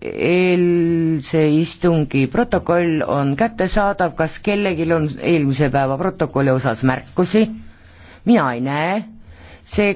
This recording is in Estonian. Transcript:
eilse istungi protokoll on kättesaadav, kas kellelgi on eelmise päeva protokolli osas märkusi? mina ei näe, see